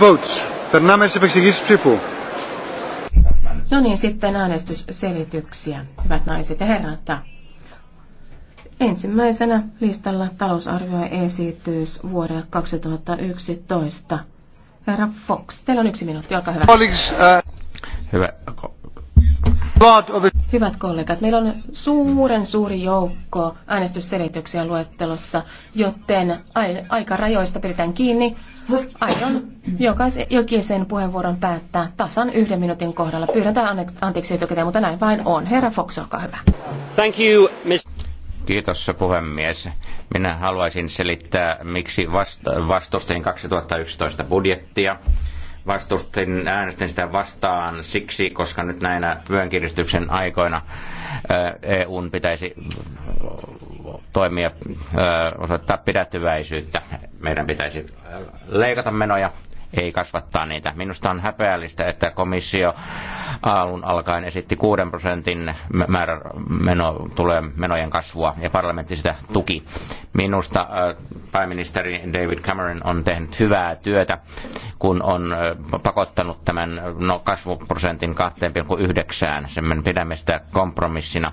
votes. Περνάμε στις επεξηγήσεις ψήφου. No niin, sitten äänestysselityksiä, hyvät naiset ja herrat. Ensimmäisenä listalla talousarvioesitys vuodelle 2011. Herra Fox, teillä on yksi minuutti, olkaa hyvä. Uh, hyvä. Hyvät kollegat, meillä on suuren suuri joukko äänestysselityksiä luettelossa, joten aikarajoista pidetään kiinni. Aion jokaisen puheenvuoron päättää tasan yhden minuutin kohdalla. Pyydän tämän anteeksi etukäteen, mutta näin vain on. Herra Fox, olkaa hyvä. Thank you, Miss... Kiitos puhemies. Minä haluaisin selittää, miksi vast, vastustin 2011 budjettia. Vastustin, äänestin sitä vastaan siksi, koska nyt näinä vyönkiristyksen aikoina EUn pitäisi toimia, osoittaa pidättyväisyyttä meidän pitäisi leikata menoja, ei kasvattaa niitä. Minusta on häpeällistä, että komissio alun alkaen esitti 6 prosentin määrä meno, tulee menojen kasvua ja parlamentti sitä tuki. Minusta pääministeri David Cameron on tehnyt hyvää työtä, kun on pakottanut tämän no, kasvuprosentin 2,9. Sen me pidämme sitä kompromissina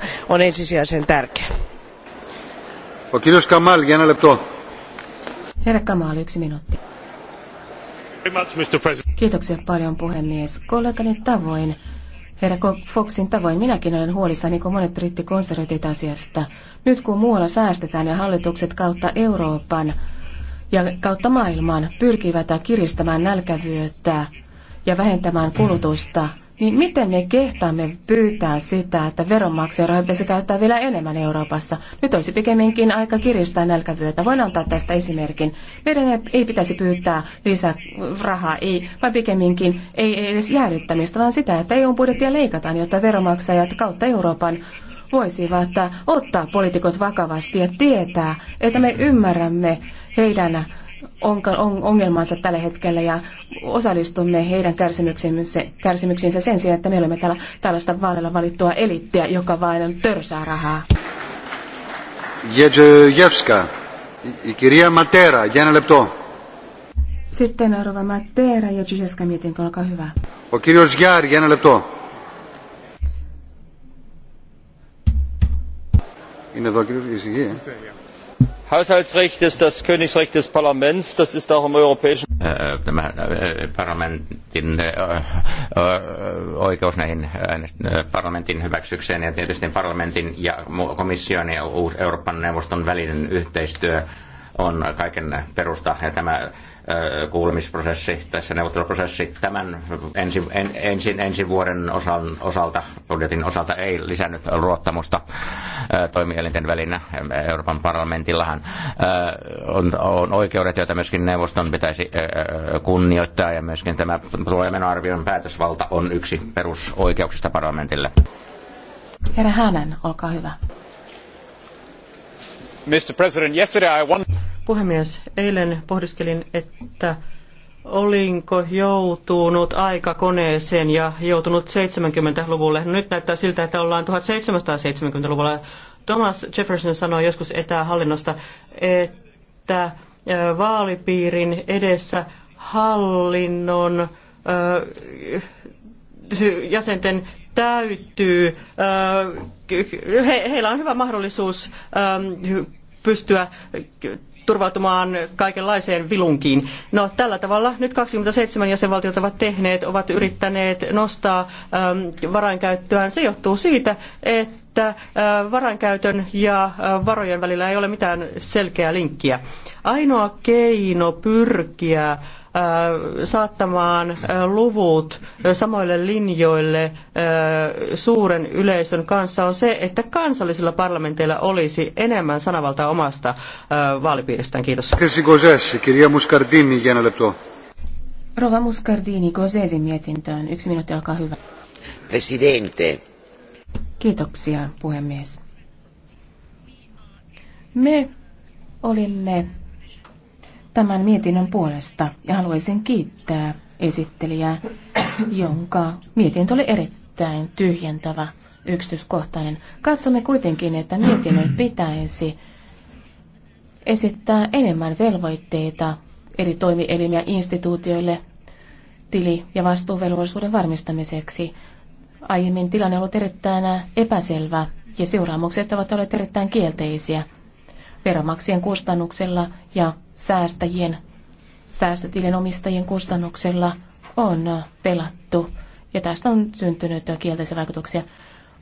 mielestä on ensisijaisen tärkeä. Kiitos Kamal, jäänä lepto. Herra Kamal, yksi minuutti. Kiitoksia paljon puhemies. Kollegani tavoin, herra Foxin tavoin, minäkin olen huolissani, kun monet brittikonservatiivit asiasta. Nyt kun muualla säästetään ja hallitukset kautta Euroopan ja kautta maailman pyrkivät kiristämään nälkävyötä ja vähentämään kulutusta, niin miten me kehtaamme pyytää sitä, että veronmaksajan rahoja pitäisi käyttää vielä enemmän Euroopassa? Nyt olisi pikemminkin aika kiristää nälkävyötä. Voin antaa tästä esimerkin. Meidän ei pitäisi pyytää lisää rahaa, ei, vaan pikemminkin ei edes jäädyttämistä, vaan sitä, että EU-budjettia leikataan, jotta veronmaksajat kautta Euroopan voisivat ottaa poliitikot vakavasti ja tietää, että me ymmärrämme heidän ongelmansa tällä hetkellä ja osallistumme heidän kärsimyksiinsä sen sijaan, että me olemme täällä tällaista vaaleilla valittua eliittiä, joka vain törsää rahaa. Jevska, kirja Matera, jäänä lepto. Sitten arvoa Matera ja Giseska mietintö, olkaa hyvä. O kirjos Jär, jäänä lepto. Είναι εδώ ο κύριος Ισηγή, haushaltsrecht ist das königsrecht des parlaments das ist auch im europäischen äh, äh, äh, parlamentin oikeus näihin parlamentin hyväksykseen ja tietysti parlamentin ja komission ja Euroopan neuvoston välinen yhteistyö on kaiken perusta ja tämä kuulemisprosessi, tässä neuvotteluprosessi tämän ensi, en, ensin, ensi vuoden osan, osalta, budjetin osalta ei lisännyt luottamusta toimielinten välinä. Euroopan parlamentillahan on, on oikeudet, joita myöskin neuvoston pitäisi kunnioittaa ja myöskin tämä tulo- päätösvalta on yksi perusoikeuksista parlamentille. Herra Hänen, olkaa hyvä. Mr. President, yesterday I won... Puhemies, eilen pohdiskelin, että olinko joutunut aikakoneeseen ja joutunut 70-luvulle. Nyt näyttää siltä, että ollaan 1770-luvulla. Thomas Jefferson sanoi joskus etähallinnosta, että vaalipiirin edessä hallinnon jäsenten täytyy, heillä on hyvä mahdollisuus pystyä turvautumaan kaikenlaiseen vilunkiin. No tällä tavalla nyt 27 jäsenvaltiota ovat tehneet, ovat yrittäneet nostaa äm, varainkäyttöään. Se johtuu siitä, että äh, varainkäytön ja äh, varojen välillä ei ole mitään selkeää linkkiä. Ainoa keino pyrkiä Äh, saattamaan äh, luvut samoille linjoille äh, suuren yleisön kanssa on se, että kansallisilla parlamenteilla olisi enemmän sanavaltaa omasta vaalipiiristään. Kiitos. Rova Muscardini, Gosesin mietintöön. Yksi minuutti, olkaa hyvä. Presidente. Kiitoksia, puhemies. Me olimme tämän mietinnön puolesta ja haluaisin kiittää esittelijää, jonka mietintö oli erittäin tyhjentävä, yksityiskohtainen. Katsomme kuitenkin, että mietinnön pitäisi esittää enemmän velvoitteita eri toimielimiä instituutioille tili- ja vastuuvelvollisuuden varmistamiseksi. Aiemmin tilanne on ollut erittäin epäselvä ja seuraamukset ovat olleet erittäin kielteisiä. Veronmaksien kustannuksella ja säästäjien, säästötilin omistajien kustannuksella on pelattu. Ja tästä on syntynyt kielteisiä vaikutuksia.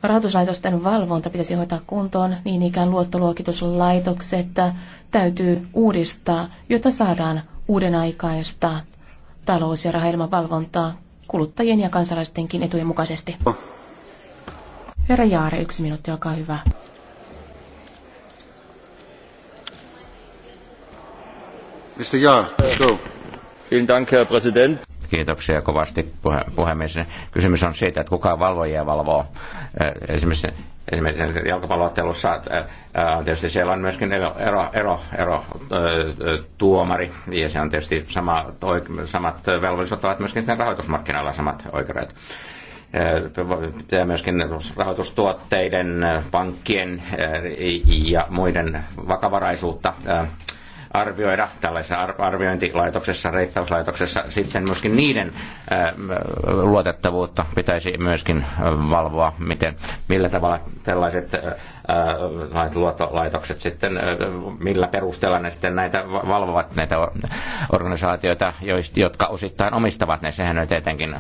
Rahoituslaitosten valvonta pitäisi hoitaa kuntoon, niin ikään luottoluokituslaitokset täytyy uudistaa, jotta saadaan uuden aikaista talous- ja valvontaa kuluttajien ja kansalaistenkin etujen mukaisesti. Herra Jaare, yksi minuutti, olkaa hyvä. Herr Präsident. Kiitoksia kovasti puhe, puhemies. Kysymys on siitä, että kuka valvojia valvoo. Eh, esimerkiksi, esimerkiksi jalkapalloottelussa eh, eh, on tietysti siellä on myöskin ero, ero, ero, ero tuomari, ja se on tietysti sama, samat velvollisuudet ovat myöskin rahoitusmarkkinoilla samat oikeudet pitää myöskin rahoitustuotteiden, pankkien ja muiden vakavaraisuutta arvioida tällaisessa arviointilaitoksessa, reittauslaitoksessa sitten myöskin niiden äh, luotettavuutta pitäisi myöskin äh, valvoa, miten, millä tavalla tällaiset äh, luottolaitokset sitten, millä perusteella ne sitten näitä valvovat näitä organisaatioita, jotka osittain omistavat ne, sehän on tietenkin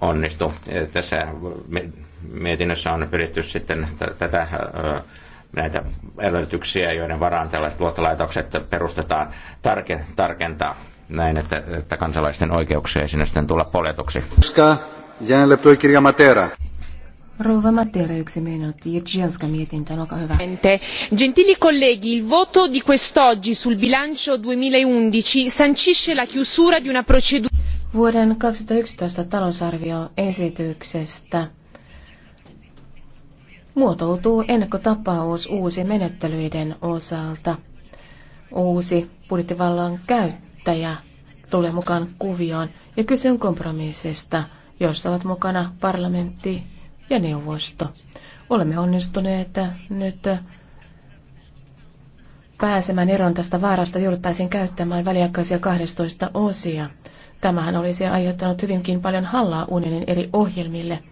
onnistu. Tässä mietinnössä on pyritty sitten tätä näitä edellytyksiä, joiden varaan tällaiset luottolaitokset perustetaan, tarke, tarkentaa näin, että, että kansalaisten oikeuksia ei sinne sitten tulla poljetuksi. Rouva Matera, yksi minuutti. Irgianska mietintä, olkaa hyvä. Gentili colleghi, il voto di quest'oggi sul bilancio 2011 sancisce la chiusura di una procedura... Vuoden 2011 talousarvio esityksestä muotoutuu ennakkotapaus uusi menettelyiden osalta. Uusi budjettivallan käyttäjä tulee mukaan kuvioon ja kyse on kompromissista, jossa ovat mukana parlamentti ja neuvosto. Olemme onnistuneet nyt pääsemään eroon tästä vaarasta jouduttaisiin käyttämään väliaikaisia 12 osia. Tämähän olisi aiheuttanut hyvinkin paljon hallaa unionin eri ohjelmille –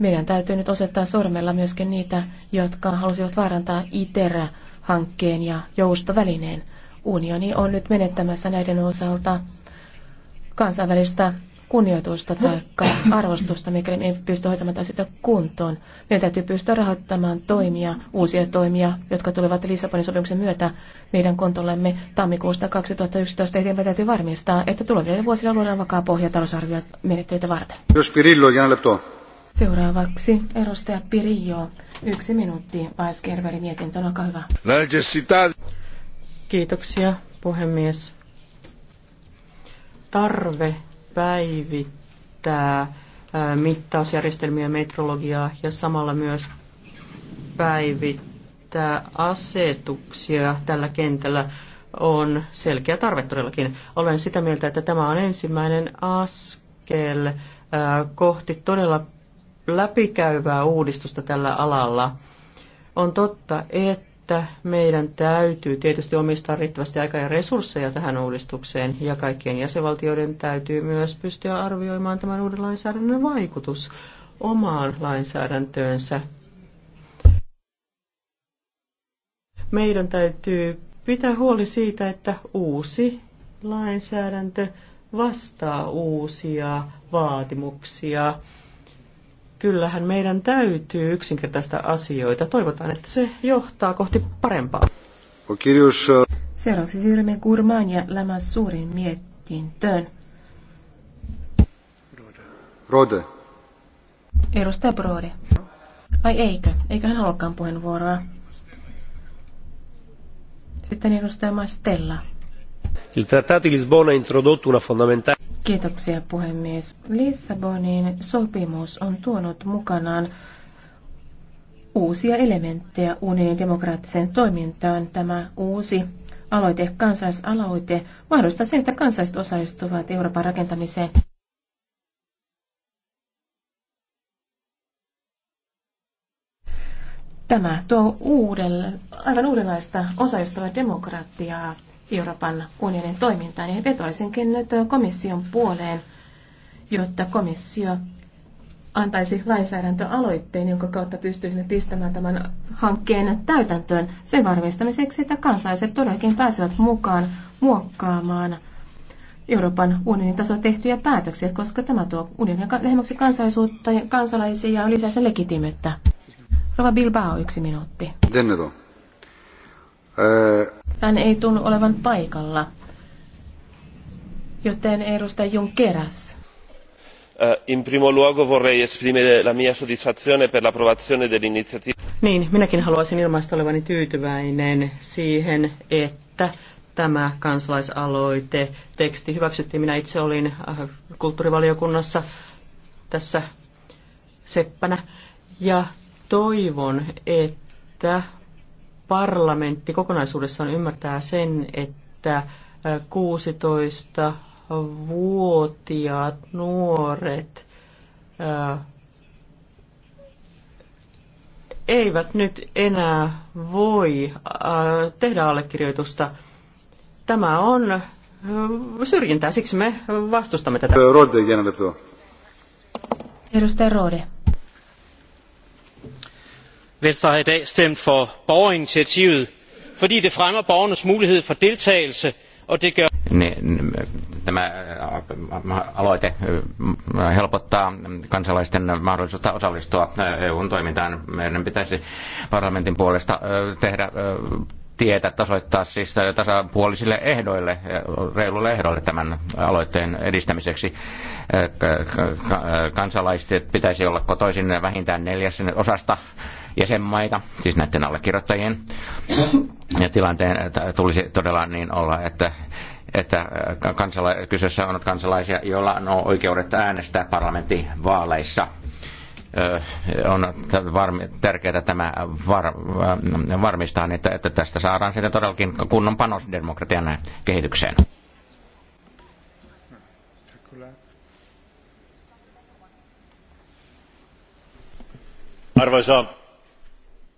meidän täytyy nyt osoittaa sormella myöskin niitä, jotka halusivat vaarantaa ITER-hankkeen ja joustovälineen. Unioni on nyt menettämässä näiden osalta kansainvälistä kunnioitusta tai arvostusta, mikäli me ei pysty hoitamaan sitä kuntoon. Meidän täytyy pystyä rahoittamaan toimia, uusia toimia, jotka tulevat Lissabonin sopimuksen myötä meidän kontollemme tammikuusta 2011 me täytyy varmistaa, että tuleville vuosille luodaan vakaa pohja talousarviomenettelyitä varten. Jos Pirillo, Seuraavaksi edustaja Pirillo, yksi minuutti, Vaiskerveri mietintö, olkaa hyvä. Kiitoksia, puhemies. Tarve päivittää mittausjärjestelmiä, metrologiaa ja samalla myös päivittää asetuksia tällä kentällä on selkeä tarve todellakin. Olen sitä mieltä, että tämä on ensimmäinen askel kohti todella läpikäyvää uudistusta tällä alalla. On totta, että meidän täytyy tietysti omistaa riittävästi aikaa ja resursseja tähän uudistukseen, ja kaikkien jäsenvaltioiden täytyy myös pystyä arvioimaan tämän uuden lainsäädännön vaikutus omaan lainsäädäntöönsä. Meidän täytyy pitää huoli siitä, että uusi lainsäädäntö vastaa uusia vaatimuksia kyllähän meidän täytyy yksinkertaista asioita. Toivotaan, että se johtaa kohti parempaa. Seuraavaksi siirrymme Kurmaan ja Lämän suurin mietintöön. Rode. Edustaja Brode. Ai eikö? Eikö hän haluakaan puheenvuoroa? Sitten edustaja Mastella. Il trattato di Lisbona ha introdotto una fondamentale Kiitoksia puhemies. Lissabonin sopimus on tuonut mukanaan uusia elementtejä unionin demokraattiseen toimintaan. Tämä uusi aloite, kansaisaloite, mahdollistaa sen, että kansalaiset osallistuvat Euroopan rakentamiseen. Tämä tuo uudelle, aivan uudenlaista osallistuvaa demokratiaa Euroopan unionin toimintaan. Ja vetoisinkin nyt komission puoleen, jotta komissio antaisi lainsäädäntöaloitteen, jonka kautta pystyisimme pistämään tämän hankkeen täytäntöön sen varmistamiseksi, että kansalaiset todellakin pääsevät mukaan muokkaamaan Euroopan unionin taso tehtyjä päätöksiä, koska tämä tuo unionin lähemmäksi kansalaisuutta ja kansalaisia ja lisää sen legitimettä. Rova Bilbao, yksi minuutti. Denne hän ei tunnu olevan paikalla, joten edustaja Junkeras. Eh, in primo luogo vorrei esprimere la mia soddisfazione per l'approvazione dell'iniziativa. Niin, minäkin haluaisin ilmaista olevani tyytyväinen siihen, että tämä kansalaisaloite teksti hyväksyttiin. Minä itse olin äh, kulttuurivaliokunnassa tässä seppänä ja toivon, että parlamentti kokonaisuudessaan ymmärtää sen, että 16-vuotiaat nuoret eivät nyt enää voi tehdä allekirjoitusta. Tämä on syrjintää, siksi me vastustamme tätä. Rode, Edustaja Rode venstre har i dag stemt for borgerinitiativet fordi det fremmer borgernes mulighed for deltagelse og det gør niin, tämä äh, aloite äh, helpottaa kansalaisten mahdollisuutta osallistua äh, EUn toimintaan. Meidän pitäisi parlamentin puolesta tehdä tietä tasoittaa siis tasapuolisille ehdoille, reiluille ehdoille tämän aloitteen edistämiseksi. Kansalaiset pitäisi olla kotoisin vähintään neljäs osasta jäsenmaita, siis näiden allekirjoittajien. Ja tilanteen äh, tulisi todella niin olla, että että äh, kansala- kyseessä on kansalaisia, joilla on oikeudet äänestää parlamenttivaaleissa äh, on tärkeää tämä var, varmistaa, niin, että, että tästä saadaan sitten todellakin kunnon panos demokratian kehitykseen. Arvoisa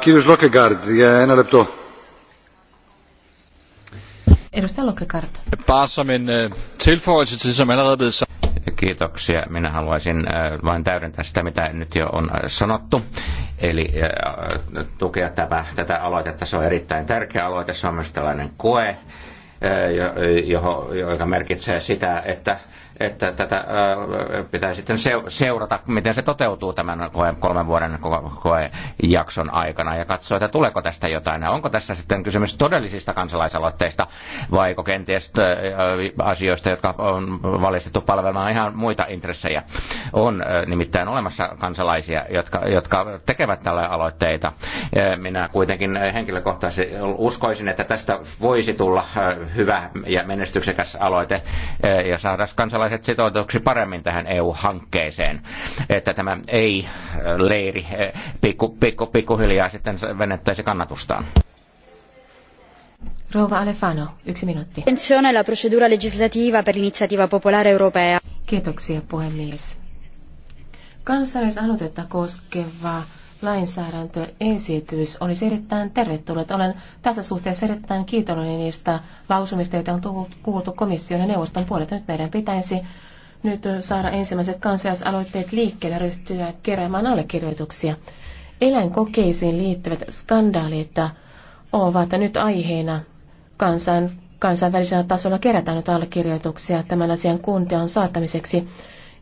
Kiitos Lokegaard, ja ένα λεπτό. Edustaja Lokegaard. Bare som en øh, tilføjelse til, som allerede er blevet sagt kiitoksia. Minä haluaisin äh, vain täydentää sitä, mitä nyt jo on äh, sanottu. Eli äh, tukea tämä, tätä aloitetta. Se on erittäin tärkeä aloite. Se on myös tällainen koe, joka merkitsee sitä, että että tätä pitää sitten seurata, miten se toteutuu tämän kolmen vuoden koejakson aikana ja katsoa, että tuleeko tästä jotain. Ja onko tässä sitten kysymys todellisista kansalaisaloitteista vai kenties asioista, jotka on valistettu palvelemaan ihan muita intressejä. On nimittäin olemassa kansalaisia, jotka, jotka tekevät tällä aloitteita. Minä kuitenkin henkilökohtaisesti uskoisin, että tästä voisi tulla hyvä ja menestyksekäs aloite ja saada kansalaisia kansalaiset sitoutuksi paremmin tähän EU-hankkeeseen, että tämä ei-leiri äh, äh, pikku, pikku, sitten venettäisi kannatustaan. Rouva Alefano, yksi minuutti. Attenzione alla procedura legislativa per l'iniziativa popolare europea. Kiitoksia puhemies. Kansalaisaloitetta koskeva lainsäädäntöesitys olisi erittäin tervetullut. Olen tässä suhteessa erittäin kiitollinen niistä lausumista, joita on kuultu komission ja neuvoston puolelta. Nyt meidän pitäisi nyt saada ensimmäiset kansalaisaloitteet liikkeelle ryhtyä keräämään allekirjoituksia. Eläinkokeisiin liittyvät skandaalit ovat nyt aiheena kansan, kansainvälisellä tasolla kerätään nyt allekirjoituksia tämän asian kuntiaan saattamiseksi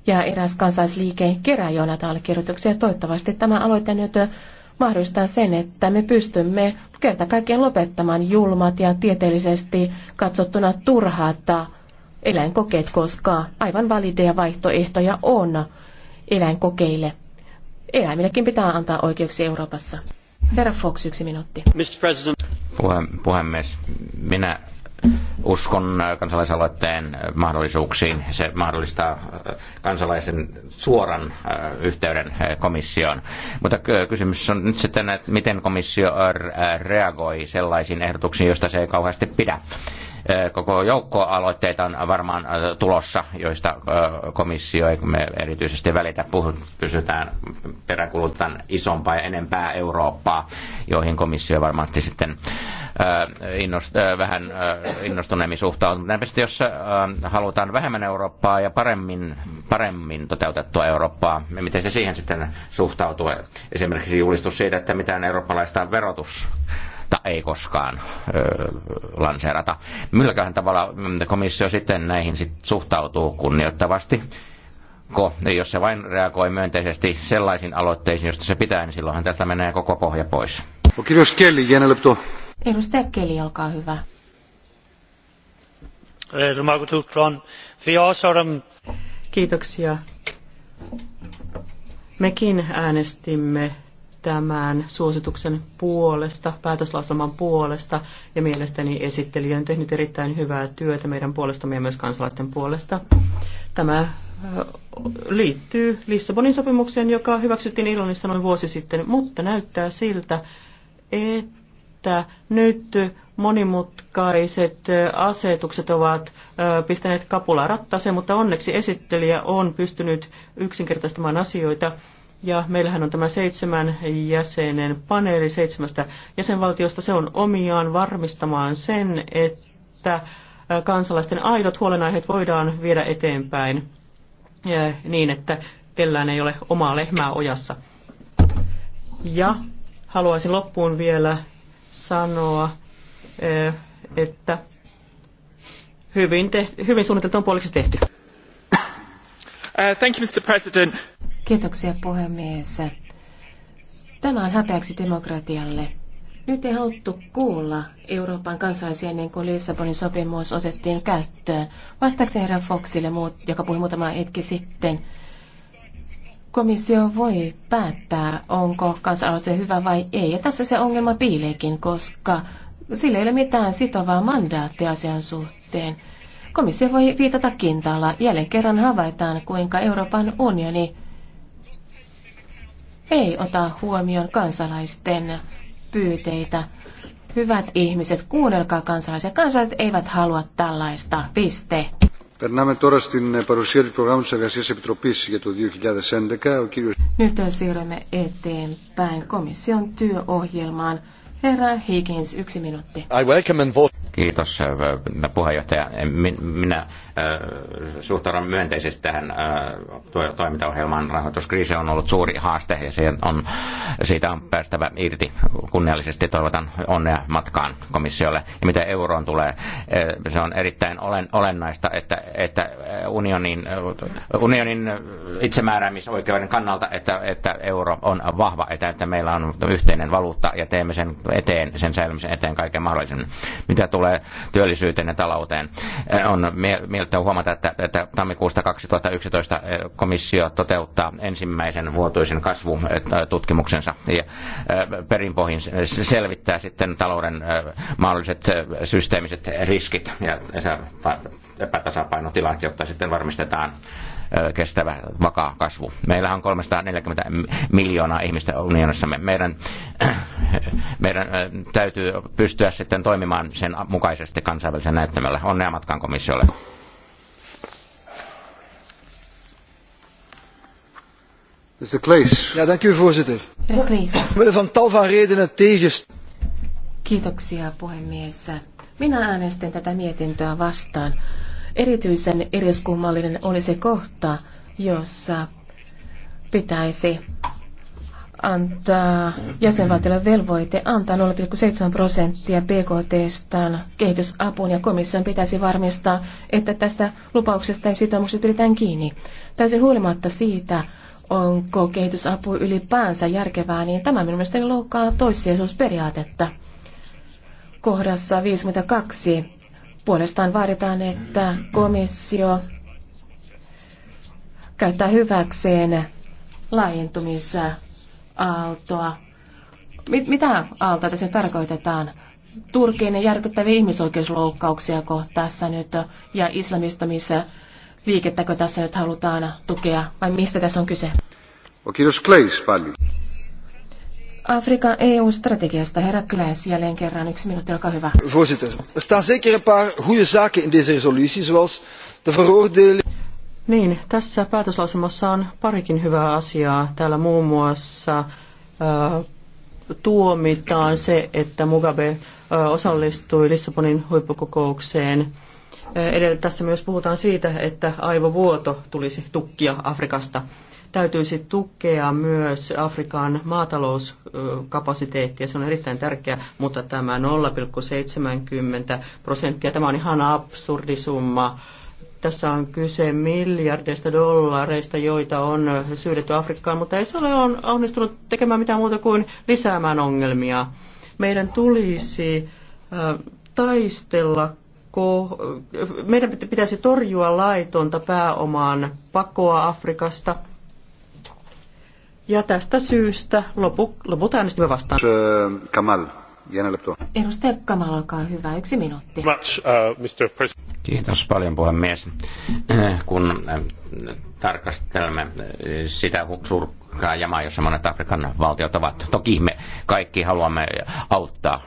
ja eräs kansaisliike kerää jo näitä allekirjoituksia. Toivottavasti tämä aloite nyt mahdollistaa sen, että me pystymme kerta kaikkien lopettamaan julmat ja tieteellisesti katsottuna turhat eläinkokeet, koska aivan valideja vaihtoehtoja on eläinkokeille. Eläimillekin pitää antaa oikeuksia Euroopassa. Vera Fox, yksi minuutti. Mr. President. Puhe, puhemies, minä uskon äh, kansalaisaloitteen äh, mahdollisuuksiin. Se mahdollistaa äh, kansalaisen suoran yhteyden komissioon. Mutta kysymys on nyt sitten, että miten komissio reagoi sellaisiin ehdotuksiin, joista se ei kauheasti pidä. Eh, koko joukko aloitteita on varmaan eh, tulossa, joista eh, komissio ei me erityisesti välitä. Pysytään peräkulutan isompaa ja enempää Eurooppaa, joihin komissio varmasti sitten innost, vähän innostuneemmin suhtautuu. Näinpä jos halutaan vähemmän Eurooppaa ja paremmin, paremmin toteutettua Eurooppaa, niin miten se siihen sitten suhtautuu? Esimerkiksi julistus siitä, että mitään eurooppalaista verotus uutta ei koskaan ö, lanseerata. Milläköhän tavalla mm, komissio sitten näihin sit suhtautuu kunnioittavasti? Ko, jos se vain reagoi myönteisesti sellaisiin aloitteisiin, joista se pitää, niin silloinhan tästä menee koko pohja pois. No, Kiitos Kelly, Edustaja Kelly, olkaa hyvä. Eh, no, Kiitoksia. Mekin äänestimme tämän suosituksen puolesta, päätöslauselman puolesta, ja mielestäni esittelijä on tehnyt erittäin hyvää työtä meidän puolestamme ja myös kansalaisten puolesta. Tämä liittyy Lissabonin sopimukseen, joka hyväksyttiin Irlannissa noin vuosi sitten, mutta näyttää siltä, että nyt monimutkaiset asetukset ovat pistäneet kapulaa rattaaseen, mutta onneksi esittelijä on pystynyt yksinkertaistamaan asioita ja meillähän on tämä seitsemän jäsenen paneeli seitsemästä jäsenvaltiosta. Se on omiaan varmistamaan sen, että kansalaisten aidot huolenaiheet voidaan viedä eteenpäin niin, että kellään ei ole omaa lehmää ojassa. Ja haluaisin loppuun vielä sanoa, että hyvin, tehty, hyvin suunniteltu on puoliksi tehty. Uh, thank you, Mr. President. Kiitoksia puhemies. Tämä on häpeäksi demokratialle. Nyt ei haluttu kuulla Euroopan kansalaisia ennen kuin Lissabonin sopimus otettiin käyttöön. Vastaakseni herran Foxille, joka puhui muutama hetki sitten, komissio voi päättää, onko kansalaisuus hyvä vai ei. Ja tässä se ongelma piileekin, koska sillä ei ole mitään sitovaa mandaattia asian suhteen. Komissio voi viitata kintaalla. Jälleen kerran havaitaan, kuinka Euroopan unioni ei ota huomioon kansalaisten pyyteitä. Hyvät ihmiset, kuunnelkaa kansalaisia. Kansalaiset eivät halua tällaista. Piste. Περνάμε τώρα στην παρουσία του προγράμματος της Εργασίας Επιτροπής για το 2011. Ο κύριος... Nyt siirrymme eteenpäin komission työohjelmaan. Herra Higgins, yksi minuutti. I welcome and vote. Kiitos äh, puheenjohtaja. Minä äh, suhtaudun myönteisesti tähän äh, toimintaohjelmaan. Rahoituskriisi on ollut suuri haaste ja on, siitä on päästävä irti. Kunniallisesti toivotan onnea matkaan komissiolle. Ja mitä euroon tulee, se on erittäin olennaista, että, että unionin, unionin itsemääräämisoikeuden kannalta, että, että euro on vahva, että, että meillä on yhteinen valuutta ja teemme sen eteen, sen säilymisen eteen kaiken mahdollisen. Mitä tulee tulee työllisyyteen ja talouteen. On mieltä huomata, että, että tammikuusta 2011 komissio toteuttaa ensimmäisen vuotuisen kasvututkimuksensa ja perinpohjin selvittää sitten talouden mahdolliset systeemiset riskit ja epätasapainotilat, jotta sitten varmistetaan kestävä, vakaa kasvu. Meillä on 340 miljoonaa ihmistä unionissamme. Meidän, meidän täytyy pystyä sitten toimimaan sen mukaisesti kansainvälisen näyttämällä. Onnea matkaan komissiolle. voorzitter Mr. van tal van redenen tegen. Kiitoksia puhemies. Minä äänestän tätä mietintöä vastaan. Erityisen eriskummallinen oli se kohta, jossa pitäisi antaa jäsenvaltiolle velvoite antaa 0,7 prosenttia BKTstaan kehitysapuun ja komission pitäisi varmistaa, että tästä lupauksesta ja sitoumuksesta pidetään kiinni. Täysin huolimatta siitä, onko kehitysapu ylipäänsä järkevää, niin tämä minun mielestäni loukkaa toissijaisuusperiaatetta. Kohdassa 52 Puolestaan vaaditaan, että komissio käyttää hyväkseen laajentumisaaltoa. Mitä aaltoa tässä nyt tarkoitetaan? Turkin järkyttäviä ihmisoikeusloukkauksia tässä nyt ja islamistamisen liikettäkö tässä nyt halutaan tukea vai mistä tässä on kyse? Kiitos Kleis paljon. Afrikan EU-strategiasta. Herra Kläs, jälleen kerran yksi minuutti, olkaa hyvä. Voorzitter, er staan zeker een paar goede zaken in deze resolutie, zoals de veroordeling... Niin, tässä päätöslausemassa on parikin hyvää asiaa. Täällä muun muassa äh, tuomitaan se, että Mugabe äh, osallistui Lissabonin huippukokoukseen. Äh, edellä tässä myös puhutaan siitä, että aivovuoto tulisi tukkia Afrikasta. Äh, täytyisi tukea myös Afrikan maatalouskapasiteettia. Se on erittäin tärkeä, mutta tämä 0,70 prosenttia, tämä on ihan absurdi summa. Tässä on kyse miljardeista dollareista, joita on syydetty Afrikkaan, mutta ei se ole onnistunut tekemään mitään muuta kuin lisäämään ongelmia. Meidän tulisi taistella meidän pitäisi torjua laitonta pääomaan pakoa Afrikasta – ja tästä syystä lopu, loput äänestimme vastaan. Äh, Kamal, Edustaja Kamal, olkaa hyvä. Yksi minuutti. Much, uh, äh, Mr. President. Kiitos paljon puhemies. Äh, kun tarkastelemme eh, sitä surkaa jamaa, jossa monet Afrikan valtiot ovat. Toki me kaikki haluamme auttaa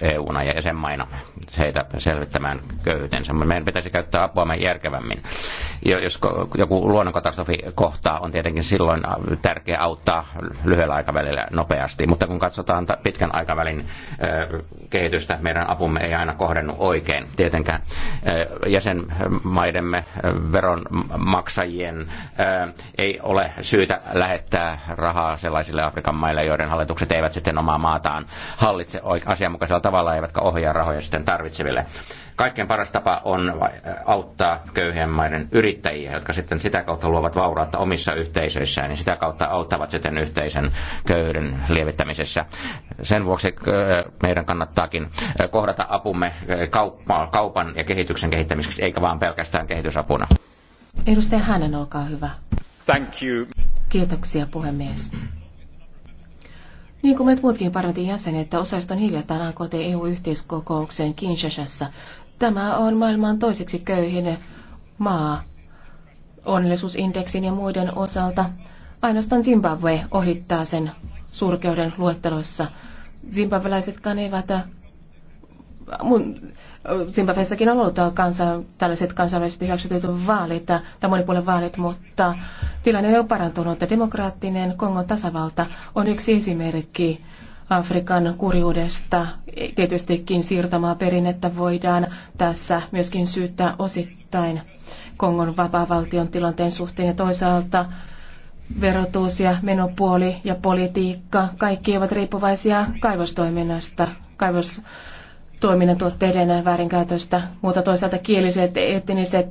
EUna eh, e ja jäsenmaina heitä selvittämään köyhyytensä, mutta meidän pitäisi käyttää apuamme järkevämmin. Jos joku luonnonkatastrofi kohtaa, on tietenkin silloin tärkeää auttaa lyhyellä aikavälillä nopeasti, mutta kun katsotaan pitkän aikavälin eh, kehitystä, meidän apumme ei aina kohdennu oikein. Tietenkään jäsenmaidemme veronmaksajien ei ole syytä lähettää rahaa sellaisille Afrikan maille, joiden hallitukset eivät sitten omaa maataan hallitse asianmukaisella tavalla, eivätkä ohjaa rahoja sitten tarvitseville. Kaikkein paras tapa on auttaa köyhien maiden yrittäjiä, jotka sitten sitä kautta luovat vaurautta omissa yhteisöissään, niin sitä kautta auttavat sitten yhteisen köyhyyden lievittämisessä. Sen vuoksi meidän kannattaakin kohdata apumme kaupan ja kehityksen kehittämiseksi, eikä vaan pelkästään kehitysapuna. Edustaja Hänen, olkaa hyvä. Thank you. Kiitoksia puhemies. Niin kuin monet muutkin parlamentin jäsenet, osaston hiljattain AKT EU-yhteiskokoukseen Kinshasassa. Tämä on maailman toiseksi köyhin maa onnellisuusindeksin ja muiden osalta. Ainoastaan Zimbabwe ohittaa sen surkeuden luettelossa. Zimbabwelaisetkaan eivät mun Zimbabwessakin on ollut äh, kansan, tällaiset kansainväliset hyväksytyt vaalit äh, tai monipuolen vaalit, mutta tilanne ei ole parantunut. Demokraattinen Kongon tasavalta on yksi esimerkki Afrikan kurjuudesta. E, tietystikin siirtomaa perinnettä voidaan tässä myöskin syyttää osittain Kongon vapaavaltion tilanteen suhteen ja toisaalta verotus ja menopuoli ja politiikka, kaikki ovat riippuvaisia kaivostoiminnasta, kaivos toiminnan tuotteiden väärinkäytöstä, mutta toisaalta kieliset, etniset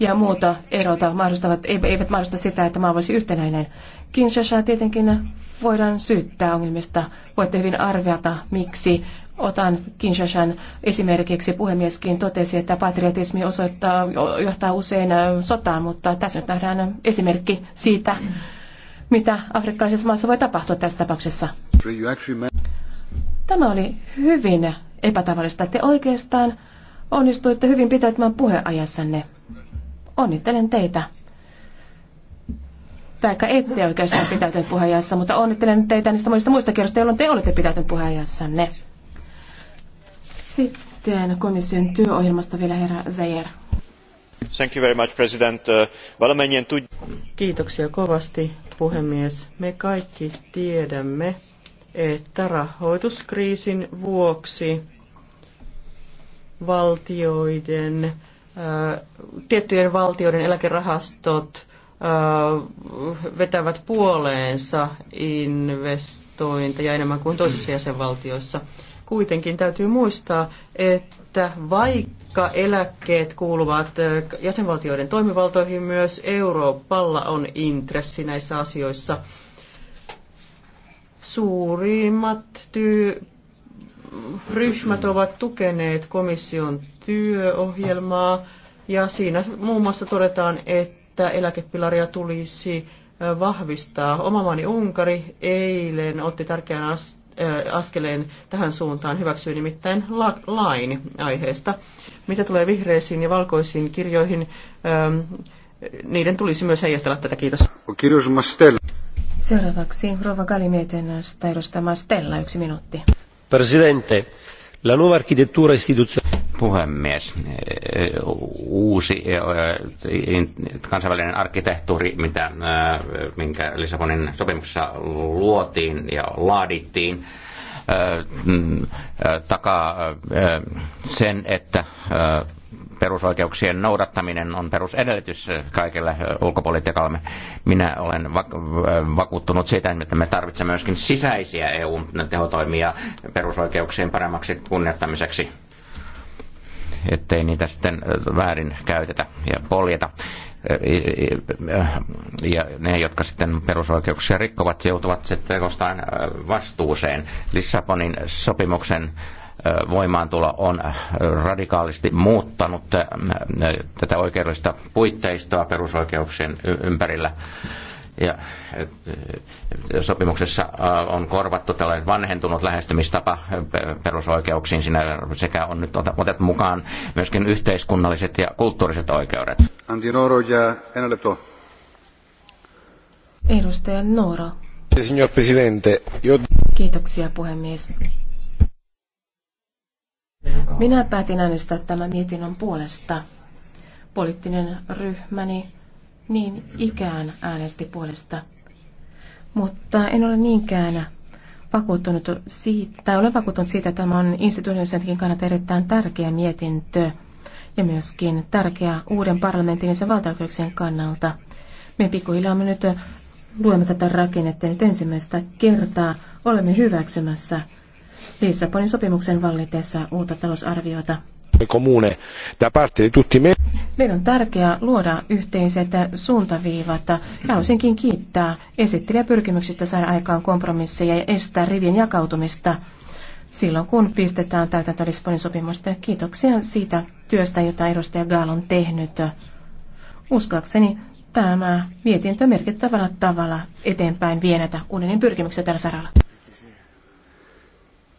ja muuta erota mahdollistavat, eivät mahdollista sitä, että maa olisi yhtenäinen. Kinshasa tietenkin voidaan syyttää ongelmista. Voitte hyvin arviata, miksi otan Kinshasan esimerkiksi. Puhemieskin totesi, että patriotismi osoittaa, johtaa usein sotaan, mutta tässä nyt nähdään esimerkki siitä, mitä afrikkalaisessa maassa voi tapahtua tässä tapauksessa. Tämä oli hyvin epätavallista. Te oikeastaan onnistuitte hyvin pitämään puheajassanne. Onnittelen teitä. Tai ette oikeastaan pitäytynyt puheajassa, mutta onnittelen teitä niistä muista muista kerroista, jolloin te olette pitäytynyt puheajassanne. Sitten komission työohjelmasta vielä herra Zeyer. Thank you very much, President. Äh, Kiitoksia kovasti, puhemies. Me kaikki tiedämme, että rahoituskriisin vuoksi valtioiden, tiettyjen valtioiden eläkerahastot vetävät puoleensa investointeja enemmän kuin toisissa jäsenvaltioissa. Kuitenkin täytyy muistaa, että vaikka eläkkeet kuuluvat jäsenvaltioiden toimivaltoihin, myös Euroopalla on intressi näissä asioissa suurimmat tyy- ryhmät ovat tukeneet komission työohjelmaa ja siinä muun muassa todetaan, että eläkepilaria tulisi vahvistaa. Oma maani Unkari eilen otti tärkeän askeleen tähän suuntaan, hyväksyi nimittäin lain aiheesta. Mitä tulee vihreisiin ja valkoisiin kirjoihin, niiden tulisi myös heijastella tätä. Kiitos. Kirjus Seuraavaksi Rova Galimietinnästä edustaja Stella yksi minuutti. Presidente, la nuova architettura istituzionale puhemies. Eh, uusi eh, kansainvälinen arkkitehtuuri, mitä, eh, minkä Lissabonin sopimuksessa luotiin ja laadittiin, mm, takaa sen, että perusoikeuksien noudattaminen on perusedellytys kaikille ulkopolitiikalle. Minä olen vakuuttunut siitä, että me tarvitsemme myöskin sisäisiä EU-tehotoimia perusoikeuksien paremmaksi kunnioittamiseksi ettei niitä sitten väärin käytetä ja poljeta. Ja ne, jotka sitten perusoikeuksia rikkovat, joutuvat sitten jostain vastuuseen. Lissabonin sopimuksen voimaantulo on radikaalisti muuttanut tätä oikeudellista puitteistoa perusoikeuksien ympärillä. Ja sopimuksessa on korvattu tällainen vanhentunut lähestymistapa perusoikeuksiin sinä sekä on nyt otettu mukaan myöskin yhteiskunnalliset ja kulttuuriset oikeudet. Antinoro ja Enelepto. Edustaja Noro. Signor Presidente, Kiitoksia puhemies. Minä päätin äänestää tämän mietinnön puolesta. Poliittinen ryhmäni niin ikään äänesti puolesta. Mutta en ole niinkään vakuuttunut siitä, tai olen vakuuttunut siitä, että tämä on instituutioidenkin kannalta erittäin tärkeä mietintö ja myöskin tärkeä uuden parlamentin ja sen valtaoikeuksien kannalta. Me pikkuhiljaa me nyt luemme tätä rakennetta nyt ensimmäistä kertaa olemme hyväksymässä Lissabonin sopimuksen vallitessa uutta talousarviota. Meidän on tärkeää luoda yhteiset suuntaviivat ja haluaisinkin kiittää esittelijä pyrkimyksistä saada aikaan kompromisseja ja estää rivien jakautumista silloin, kun pistetään täytäntöön Lissabonin sopimusta. Kiitoksia siitä työstä, jota edustaja Gaal on tehnyt. Uskoakseni tämä mietintö merkittävällä tavalla eteenpäin vienetä unionin pyrkimyksiä tällä saralla.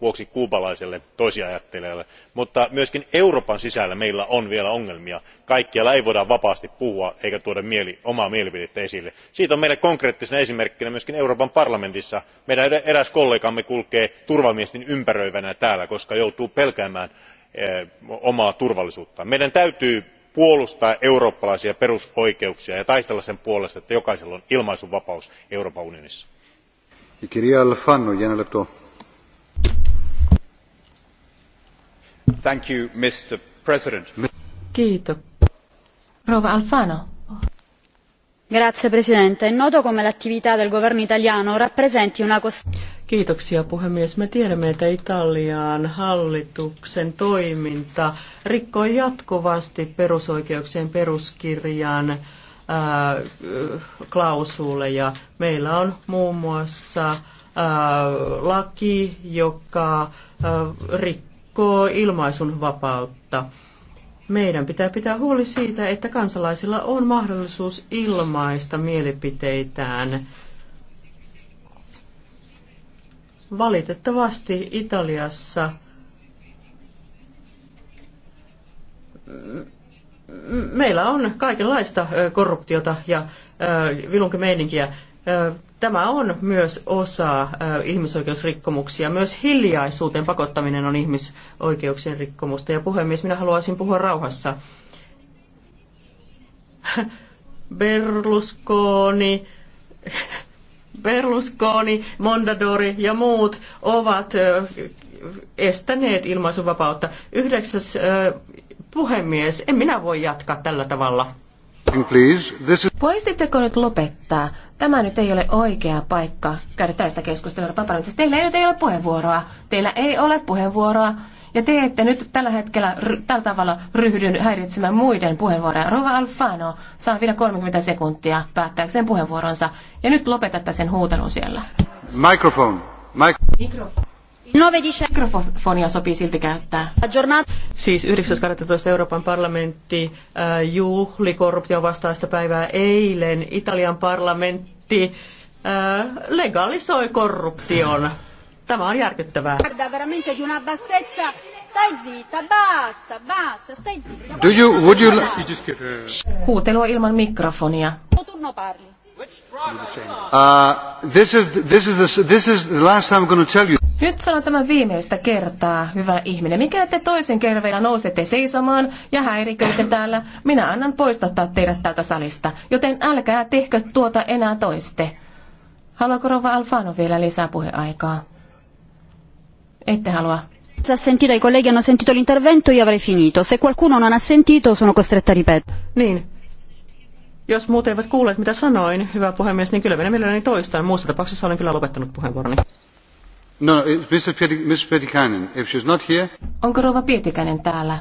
vuoksi kuubalaiselle toisinajattelijalle mutta myös euroopan sisällä meillä on vielä ongelmia. kaikkialla ei voida vapaasti puhua eikä tuoda omaa mielipidettä esille. siitä on meille konkreettisena esimerkkinä myös euroopan parlamentissa meidän eräs kollegamme kulkee turvamiestin ympäröimänä täällä koska joutuu pelkäämään eh, omaa turvallisuuttaan. meidän täytyy puolustaa eurooppalaisia perusoikeuksia ja taistella sen puolesta että jokaisella on ilmaisunvapaus euroopan unionissa. Thank Mr. President. Kiitos. È noto come l'attività del governo italiano rappresenti una Kiitoksia puhemies. Me tiedämme, että Italian hallituksen toiminta rikkoi jatkuvasti perusoikeuksien peruskirjan ää, äh, klausuleja. Meillä on muun muassa ää, äh, laki, joka ää, äh, rikkoo rikkoo ilmaisun vapautta. Meidän pitää pitää huoli siitä, että kansalaisilla on mahdollisuus ilmaista mielipiteitään. Valitettavasti Italiassa meillä on kaikenlaista korruptiota ja vilunkimeininkiä. Tämä on myös osa ihmisoikeusrikkomuksia. Myös hiljaisuuteen pakottaminen on ihmisoikeuksien rikkomusta. Ja puhemies, minä haluaisin puhua rauhassa. Berlusconi, Berlusconi, Mondadori ja muut ovat estäneet ilmaisuvapautta. Yhdeksäs puhemies, en minä voi jatkaa tällä tavalla. Voisitteko nyt lopettaa? Tämä nyt ei ole oikea paikka käydä tästä keskustelua Euroopan Teillä ei nyt ei ole puheenvuoroa. Teillä ei ole puheenvuoroa. Ja te ette nyt tällä hetkellä tällä tavalla ryhdyn häiritsemään muiden puheenvuoroja. Rova Alfano saa vielä 30 sekuntia päättääkseen puheenvuoronsa. Ja nyt lopetatte sen huutelun siellä. Mikrofon. Mikrofon. Mikrofonia sopii silti käyttää. Siis 9.12. Euroopan parlamentti äh, juhli korruption vastaista päivää eilen. Italian parlamentti äh, legalisoi korruption. Tämä on järkyttävää. Do you, would you... Uh, Huutelua ilman mikrofonia. Nyt sanon tämän viimeistä kertaa, hyvä ihminen. Mikä te toisen kerran vielä nousette seisomaan ja häiriköitte täällä? Minä annan poistattaa teidät täältä salista, joten älkää tehkö tuota enää toiste. Haluaako Rova Alfano vielä lisää puheaikaa? Ette halua. Se Se Niin, jos muut eivät kuulleet, mitä sanoin, hyvä puhemies, niin kyllä minä mielelläni toistan. Muussa tapauksessa olen kyllä lopettanut puheenvuoroni. No, eh, Pietikäinen, if she's not here... Onko rouva Pietikäinen täällä?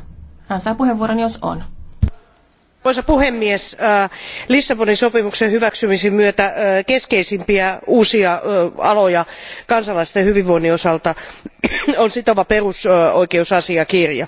Hän saa puheenvuoron, jos on arvoisa puhemies äh, lissabonin sopimuksen hyväksymisen myötä äh, keskeisimpiä uusia äh, aloja kansalaisten hyvinvoinnin osalta on sitova perusoikeusasiakirja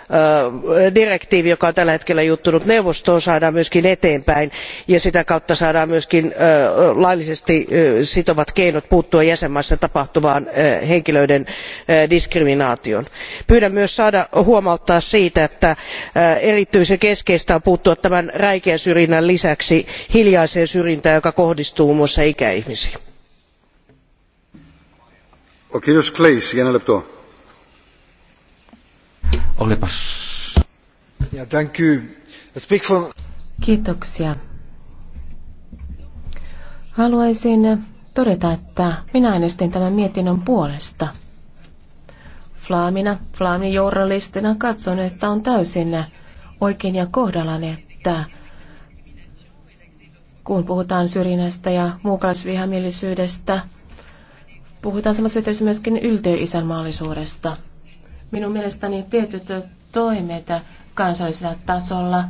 direktiivi joka on tällä hetkellä juuttunut neuvostoon saadaan myös eteenpäin ja sitä kautta saadaan myös laillisesti sitovat keinot puuttua jäsenvaltioissa tapahtuvaan henkilöiden diskriminaatioon. pyydän myös saada huomauttaa siitä että erityisen keskeistä on puuttua tämän räikeän syrjinnän lisäksi hiljaiseen syrjintään joka kohdistuu muun muassa ikäihmisiin. Olipas. Ja, thank you. Speak for... Kiitoksia. Haluaisin todeta, että minä äänestin tämän mietinnön puolesta. Flaamina, flaamijournalistina katson, että on täysin oikein ja kohdallaan, että kun puhutaan syrjinnästä ja muukalaisvihamielisyydestä, puhutaan samassa yhteydessä myöskin yltiöisänmaallisuudesta. Minun mielestäni tietyt toimet kansallisella tasolla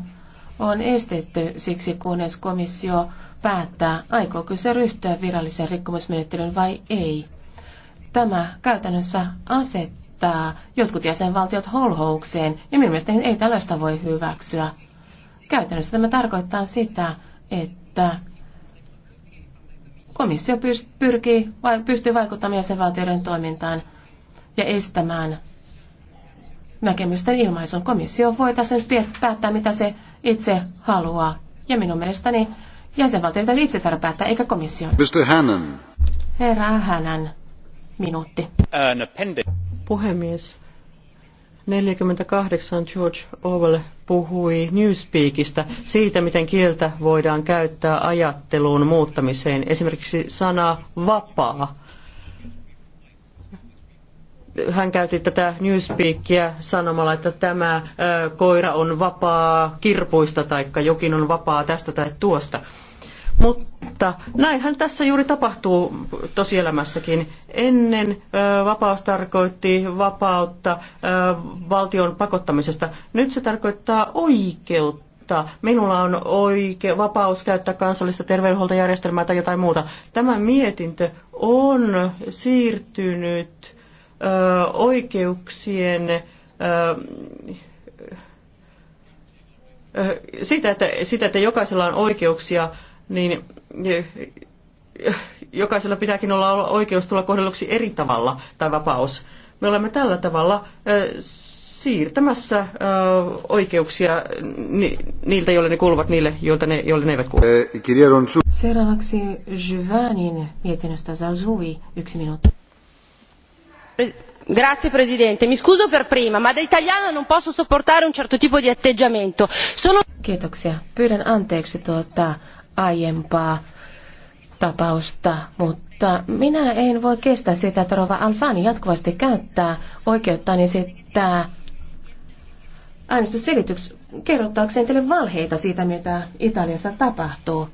on estetty siksi, kunnes komissio päättää, aikooko se ryhtyä virallisen rikkomusmenettelyyn vai ei. Tämä käytännössä asettaa jotkut jäsenvaltiot holhoukseen, ja minun mielestäni ei tällaista voi hyväksyä. Käytännössä tämä tarkoittaa sitä, että komissio pyrkii, pystyy vaikuttamaan jäsenvaltioiden toimintaan ja estämään näkemysten ilmaisun. Komissio voi tässä nyt päättää, mitä se itse haluaa. Ja minun mielestäni jäsenvaltio täytyy itse saada päättää, eikä komissio. Mr. Hannan. Herra Hannan, minuutti. Puhemies. 48 George Orwell puhui Newspeakista siitä, miten kieltä voidaan käyttää ajatteluun muuttamiseen. Esimerkiksi sana vapaa hän käytti tätä Newspeakia sanomalla, että tämä koira on vapaa kirpuista tai jokin on vapaa tästä tai tuosta. Mutta näinhän tässä juuri tapahtuu tosielämässäkin. Ennen ö, vapaus tarkoitti vapautta valtion pakottamisesta. Nyt se tarkoittaa oikeutta. Minulla on oike, vapaus käyttää kansallista terveydenhuoltojärjestelmää tai jotain muuta. Tämä mietintö on siirtynyt oikeuksien sitä, että, sitä, että jokaisella on oikeuksia, niin jokaisella pitääkin olla oikeus tulla kohdelluksi eri tavalla tai vapaus. Me olemme tällä tavalla siirtämässä oikeuksia niiltä, joille ne kuuluvat, niille, joilta ne, joille ne eivät kuulu. Eh, Seuraavaksi Jyvänin mietinnöstä Zazuvi, yksi minuutti signor presidente mi scuso per prima ma da italiana non posso sopportare un certo tipo di atteggiamento. Kiitoksia. Pyydän anteeksi tuota aiempaa tapausta, mutta minä en voi kestää sitä, että Rova Alfani jatkuvasti käyttää oikeuttaan esittää äänestysselityksi kerrottaakseen teille valheita siitä, mitä Italiassa tapahtuu.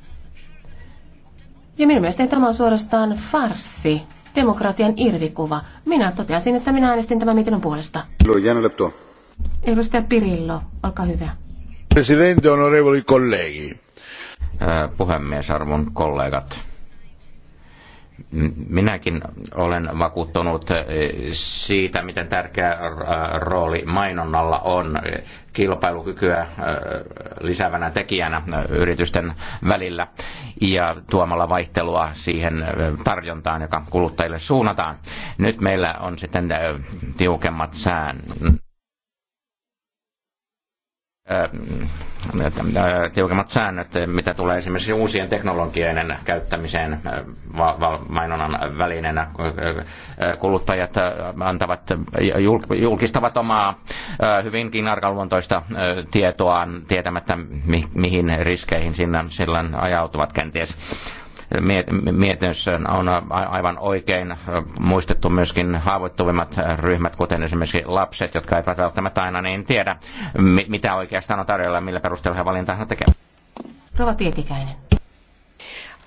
Ja minun mielestäni tämä on suorastaan farsi demokratian irvikuva. Minä toteasin, että minä äänestin tämän mietinnön puolesta. Edustaja Pirillo, olkaa hyvä. Presidente, onorevoli kollegi. Puhemies, arvon kollegat Minäkin olen vakuuttunut eh, siitä, miten tärkeä eh, rooli mainonnalla on eh, kilpailukykyä lisäävänä tekijänä yritysten välillä ja tuomalla vaihtelua siihen tarjontaan, joka kuluttajille suunnataan. Nyt meillä on sitten tiukemmat säännöt. Mm, tiukemmat säännöt, eh, mitä tulee esimerkiksi uusien teknologioiden käyttämiseen mainonnan välineenä. Kuluttajat antavat, julkistavat omaa hyvinkin arkaluontoista tietoaan tietämättä mihin riskeihin sinne silloin ajautuvat kenties mietinnössä on aivan oikein muistettu myöskin haavoittuvimmat ryhmät, kuten esimerkiksi lapset, jotka eivät välttämättä aina niin tiedä, mitä oikeastaan on tarjolla ja millä perusteella he valintansa tekevät. Rova Pietikäinen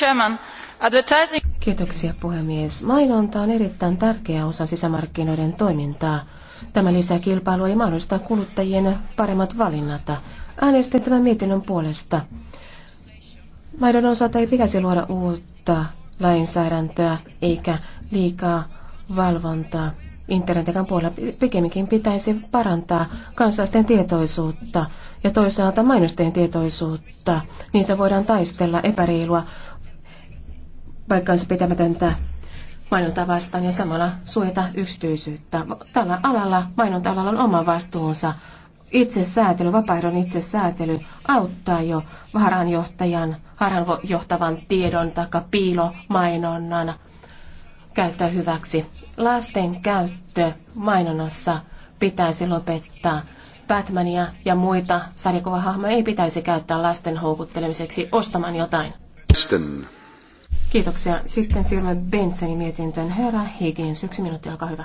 Chairman, Kiitoksia puhemies. Mainonta on erittäin tärkeä osa sisämarkkinoiden toimintaa. Tämä lisää kilpailua ja mahdollistaa kuluttajien paremmat valinnat. Äänestin tämän mietinnön puolesta. Maidon osalta ei pitäisi luoda uutta lainsäädäntöä eikä liikaa valvontaa. Internetin puolella pikemminkin pitäisi parantaa kansalaisten tietoisuutta ja toisaalta mainosten tietoisuutta. Niitä voidaan taistella epäreilua paikkaansa pitämätöntä mainontaa vastaan ja samalla suojata yksityisyyttä. Tällä alalla, mainonta-alalla on oma vastuunsa. Itsesäätely, vapaaehdon itsesäätely auttaa jo varanjohtajan, johtavan tiedon tai piilomainonnan käyttää hyväksi. Lasten käyttö mainonnassa pitäisi lopettaa. Batmania ja muita sarjakuvahahmoja ei pitäisi käyttää lasten houkuttelemiseksi ostamaan jotain. Sten. Kiitoksia. Sitten siirrymme Bensenin mietintöön. Herra Higgins, yksi minuutti, olkaa hyvä.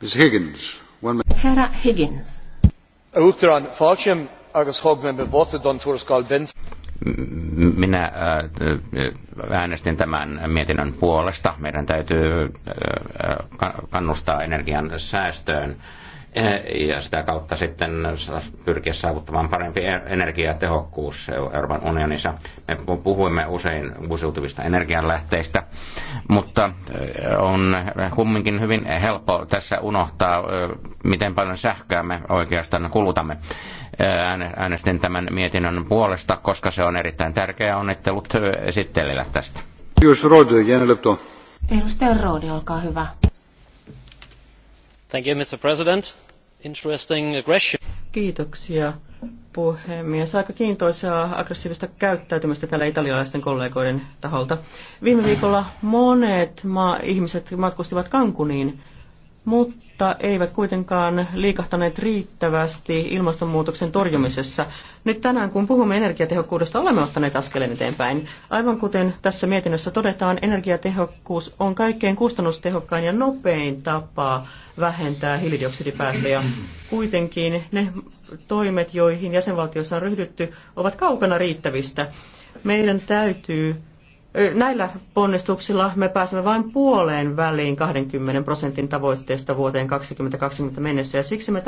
Miss Higgins, one minute. Herra Higgins. Uhteran falchem agus hogmen turskal Minä äh, äh, äänestin tämän mietinnön puolesta. Meidän täytyy äh, kannustaa energian säästöön Eh, ja sitä kautta sitten pyrkiä saavuttamaan parempi e- energiatehokkuus Euroopan unionissa. Me puhuimme usein uusiutuvista energianlähteistä, mutta eh, on kumminkin hyvin helppo tässä unohtaa, eh, miten paljon sähköä me oikeastaan kulutamme. Äänestin tämän mietinnön puolesta, koska se on erittäin tärkeä. Onnittelut esittelijälle tästä. Edustaja Roodi, olkaa hyvä. Mr. President. Interesting aggression. Kiitoksia puhemies. Aika kiintoisaa aggressiivista käyttäytymistä täällä italialaisten kollegoiden taholta. Viime viikolla monet maa- ihmiset matkustivat Kankuniin mutta eivät kuitenkaan liikahtaneet riittävästi ilmastonmuutoksen torjumisessa. Nyt tänään, kun puhumme energiatehokkuudesta, olemme ottaneet askeleen eteenpäin. Aivan kuten tässä mietinnössä todetaan, energiatehokkuus on kaikkein kustannustehokkain ja nopein tapa vähentää hiilidioksidipäästöjä. Kuitenkin ne toimet, joihin jäsenvaltioissa on ryhdytty, ovat kaukana riittävistä. Meidän täytyy Näillä ponnistuksilla me pääsemme vain puoleen väliin 20 prosentin tavoitteesta vuoteen 2020 mennessä ja siksi me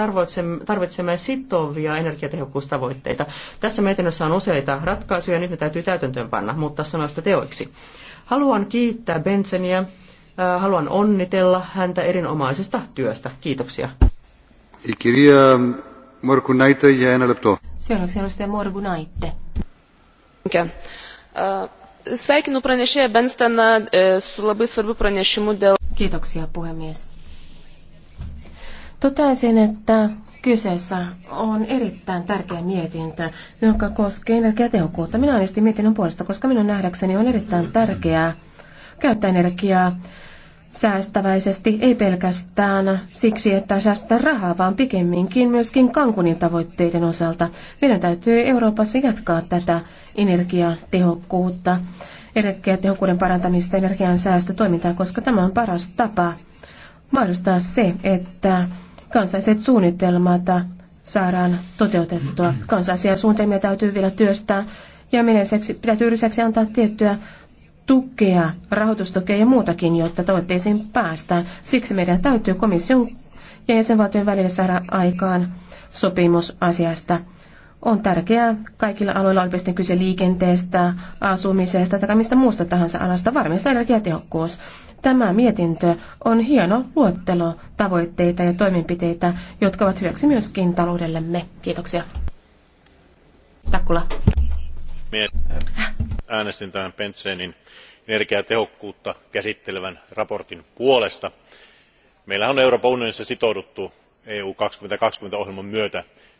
tarvitsemme, sitovia energiatehokkuustavoitteita. Tässä mietinnössä on useita ratkaisuja, nyt ne täytyy täytäntöönpanna, mutta sanoista teoiksi. Haluan kiittää Benseniä, haluan onnitella häntä erinomaisesta työstä. Kiitoksia. Kirja Morgunaite ja Seuraavaksi edustaja Morgunaite. Sveikinu pranešėją Bensteną e, su labai svarbiu pranešimu dėl. Kiitoksia puhemies. Totesin, että kyseessä on erittäin tärkeä mietintö, joka koskee energiatehokkuutta. Minä äänestin mietinnön puolesta, koska minun nähdäkseni on erittäin tärkeää käyttää energiaa säästäväisesti, ei pelkästään siksi, että säästetään rahaa, vaan pikemminkin myöskin Kankunin tavoitteiden osalta. Meidän täytyy Euroopassa jatkaa tätä energiatehokkuutta, energiatehokkuuden parantamista, energian säästötoimintaa, koska tämä on paras tapa mahdollistaa se, että kansalliset suunnitelmat saadaan toteutettua. Kansallisia suunnitelmia täytyy vielä työstää ja seksi täytyy lisäksi antaa tiettyä tukea, rahoitustukea ja muutakin, jotta tavoitteisiin päästään. Siksi meidän täytyy komission ja jäsenvaltion välillä saada aikaan sopimus asiasta on tärkeää kaikilla aloilla, oli sitten kyse liikenteestä, asumisesta tai mistä muusta tahansa alasta, varmistaa energiatehokkuus. Tämä mietintö on hieno luottelo tavoitteita ja toimenpiteitä, jotka ovat hyväksi myöskin taloudellemme. Kiitoksia. Takkula. Äänestin tämän Pentsenin energiatehokkuutta käsittelevän raportin puolesta. Meillä on Euroopan unionissa sitouduttu EU 2020 ohjelman myötä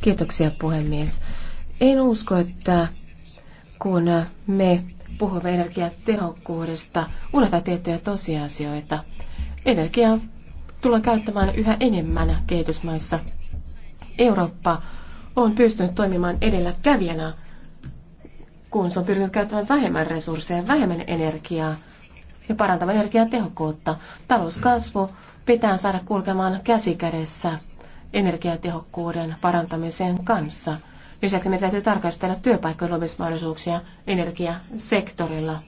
Kiitoksia puhemies. En usko, että kun me puhumme energiatehokkuudesta, unohtaa tiettyjä tosiasioita. Energiaa tullaan käyttämään yhä enemmän kehitysmaissa. Eurooppa on pystynyt toimimaan edelläkävijänä, kun se on pyrkinyt käyttämään vähemmän resursseja, vähemmän energiaa ja parantamaan energiatehokkuutta. Talouskasvu pitää saada kulkemaan käsikädessä energiatehokkuuden parantamisen kanssa. Lisäksi meidän täytyy tarkastella työpaikkojen luomismahdollisuuksia energiasektorilla,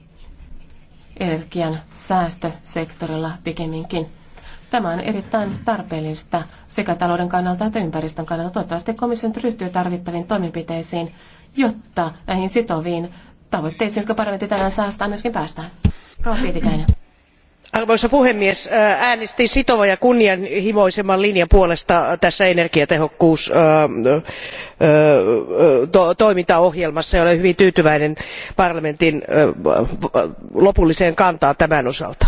energian säästösektorilla pikemminkin. Tämä on erittäin tarpeellista sekä talouden kannalta että ympäristön kannalta. Toivottavasti komission ryhtyy tarvittaviin toimenpiteisiin, jotta näihin sitoviin tavoitteisiin, jotka parlamentti tänään säästää, myöskin päästään. Rouva Pietikäinen arvoisa puhemies äänestin sitovan ja kunnianhimoisemman linjan puolesta tässä energiatehokkuustoimintaohjelmassa ja olen hyvin tyytyväinen parlamentin lopulliseen kantaan tämän osalta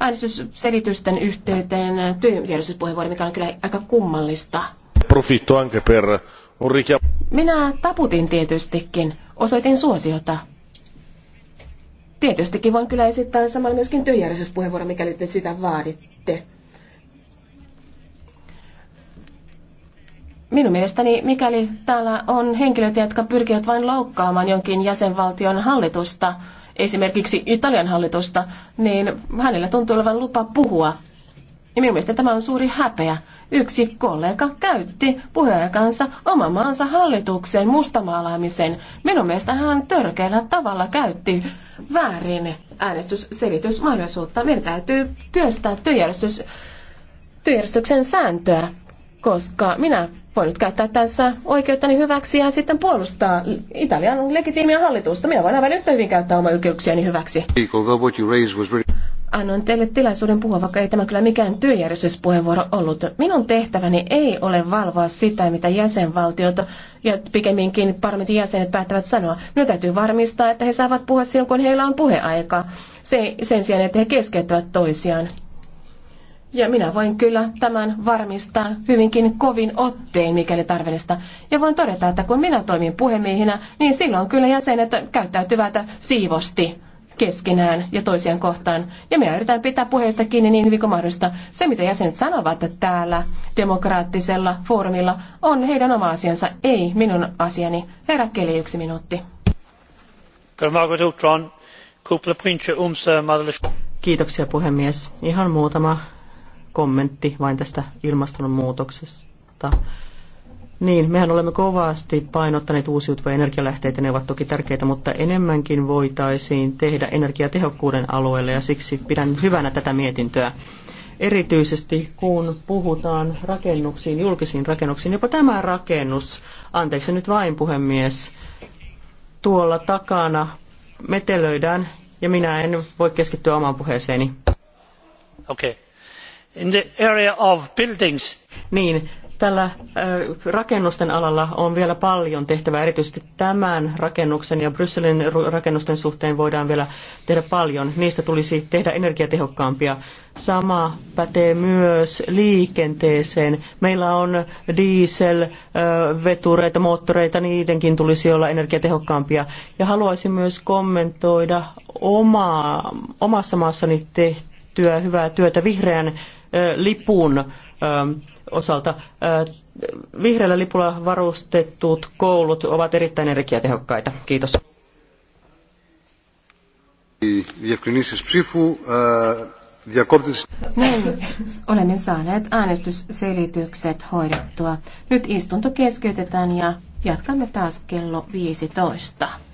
äänestysselitysten yhteyteen työjärjestyspuheenvuoro, mikä on kyllä aika kummallista. Profitto anche per un Minä taputin tietystikin. Osoitin suosiota. Tietystikin voin kyllä esittää samalla myöskin työjärjestyspuheenvuoro, mikäli te sitä vaaditte. Minun mielestäni, mikäli täällä on henkilöitä, jotka pyrkivät vain loukkaamaan jonkin jäsenvaltion hallitusta, esimerkiksi Italian hallitusta, niin hänellä tuntuu olevan lupa puhua. Ja minun mielestä tämä on suuri häpeä. Yksi kollega käytti puheenjohtajansa oman maansa hallitukseen mustamaalaamisen. Minun mielestä hän törkeällä tavalla käytti väärin äänestysselitysmahdollisuutta. Meidän täytyy työstää työjärjestys, työjärjestyksen sääntöä koska minä nyt käyttää tässä oikeuttani hyväksi ja sitten puolustaa Italian legitiimiä hallitusta. Minä voin aivan yhtä hyvin käyttää omaa oikeuksiani hyväksi. Annoin teille tilaisuuden puhua, vaikka ei tämä kyllä mikään työjärjestyspuheenvuoro ollut. Minun tehtäväni ei ole valvoa sitä, mitä jäsenvaltiot ja pikemminkin parlamentin jäsenet päättävät sanoa. Minun täytyy varmistaa, että he saavat puhua silloin, kun heillä on puheaika. Se, sen sijaan, että he keskeyttävät toisiaan. Ja minä voin kyllä tämän varmistaa hyvinkin kovin ottein, mikäli tarvellista. Ja voin todeta, että kun minä toimin puhemiehinä, niin silloin kyllä jäsenet käyttäytyvät siivosti keskenään ja toisiaan kohtaan. Ja minä yritän pitää puheesta kiinni niin hyvin kuin mahdollista. Se, mitä jäsenet sanovat täällä demokraattisella foorumilla, on heidän oma asiansa, ei minun asiani. Herra Keli, yksi minuutti. Kiitoksia puhemies. Ihan muutama kommentti vain tästä ilmastonmuutoksesta. Niin, mehän olemme kovasti painottaneet uusiutuvia energialähteitä, ne ovat toki tärkeitä, mutta enemmänkin voitaisiin tehdä energiatehokkuuden alueelle ja siksi pidän hyvänä tätä mietintöä. Erityisesti kun puhutaan rakennuksiin, julkisiin rakennuksiin, jopa tämä rakennus, anteeksi nyt vain puhemies, tuolla takana metelöidään ja minä en voi keskittyä omaan puheeseeni. Okei. Okay. In the area of buildings. Niin, tällä rakennusten alalla on vielä paljon tehtävää. Erityisesti tämän rakennuksen ja Brysselin rakennusten suhteen voidaan vielä tehdä paljon. Niistä tulisi tehdä energiatehokkaampia. Sama pätee myös liikenteeseen. Meillä on dieselvetureita, moottoreita, niidenkin tulisi olla energiatehokkaampia. Ja haluaisin myös kommentoida omaa, omassa maassani tehtyä hyvää työtä vihreän lipun osalta. Vihreällä lipulla varustetut koulut ovat erittäin energiatehokkaita. Kiitos. Näin olemme saaneet äänestysselitykset hoidettua. Nyt istunto keskeytetään ja jatkamme taas kello 15.